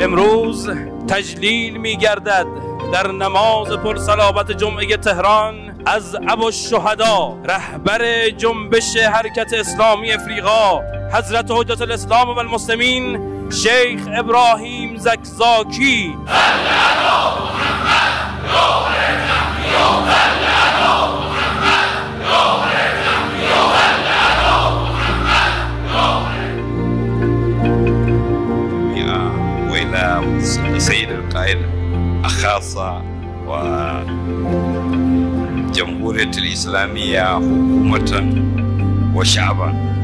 امروز تجلیل می گردد در نماز صلابت جمعه تهران از ابو شهدا رهبر جنبش حرکت اسلامی افریقا حضرت حجت الاسلام و المسلمین شیخ ابراهیم زکزاکی سيد القائد و جمهورية الإسلامية حكومة وشعبا